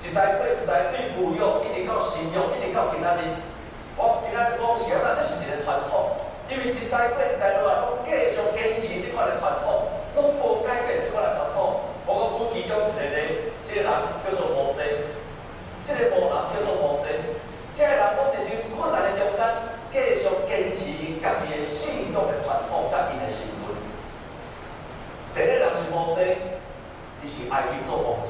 一代過一代對母養，一直到成養，一直到今仔日。我今仔日講啥啦？這是一個傳統。因為一代過一代落來，攏繼續堅持這款的傳統，攏無改變這款的傳統。我個故事中，一個即、這個人叫做無西，即、這個無人叫做無西。即、這個人，人這個、人我佇真困難的中間，繼續堅持家己嘅信仰嘅傳統，甲伊嘅行為。第一人是無西，伊是愛去做夢。